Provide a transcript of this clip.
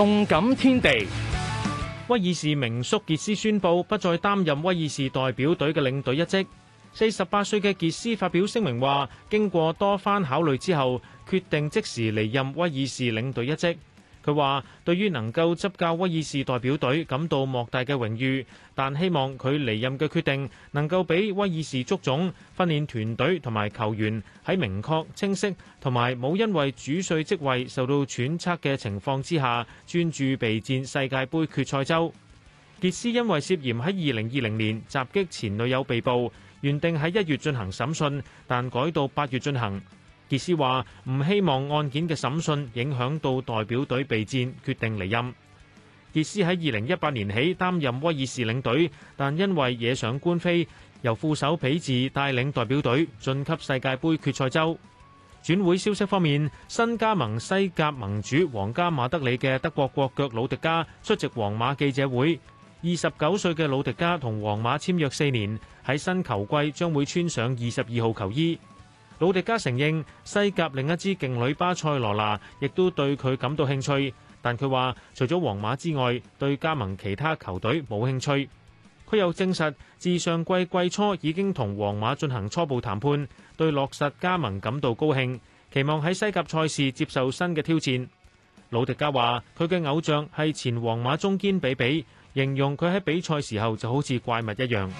動感天地，威爾士名宿傑斯宣布不再擔任威爾士代表隊嘅領隊一職。四十八歲嘅傑斯發表聲明話，經過多番考慮之後，決定即時離任威爾士領隊一職。佢話：對於能夠執教威爾士代表隊，感到莫大嘅榮譽，但希望佢離任嘅決定能夠畀威爾士足總、訓練團隊同埋球員喺明確、清晰同埋冇因為主帥職位受到揣測嘅情況之下，專注備戰世界盃決賽周。傑斯因為涉嫌喺二零二零年襲擊前女友被捕，原定喺一月進行審訊，但改到八月進行。傑斯話：唔希望案件嘅審訊影響到代表隊備戰，決定離任。傑斯喺二零一八年起擔任威爾士領隊，但因為惹上官非，由副手彼治帶領代表隊晉級世界盃決賽周。轉會消息方面，新加盟西甲盟主皇家馬德里嘅德國國腳魯迪加出席皇馬記者會。二十九歲嘅魯迪加同皇馬簽約四年，喺新球季將會穿上二十二號球衣。努迪加承認西甲另一支勁旅巴塞羅那亦都對佢感到興趣，但佢話除咗皇馬之外，對加盟其他球隊冇興趣。佢又證實自上季季初已經同皇馬進行初步談判，對落實加盟感到高興，期望喺西甲賽事接受新嘅挑戰。努迪加話：佢嘅偶像係前皇馬中堅比比，形容佢喺比賽時候就好似怪物一樣。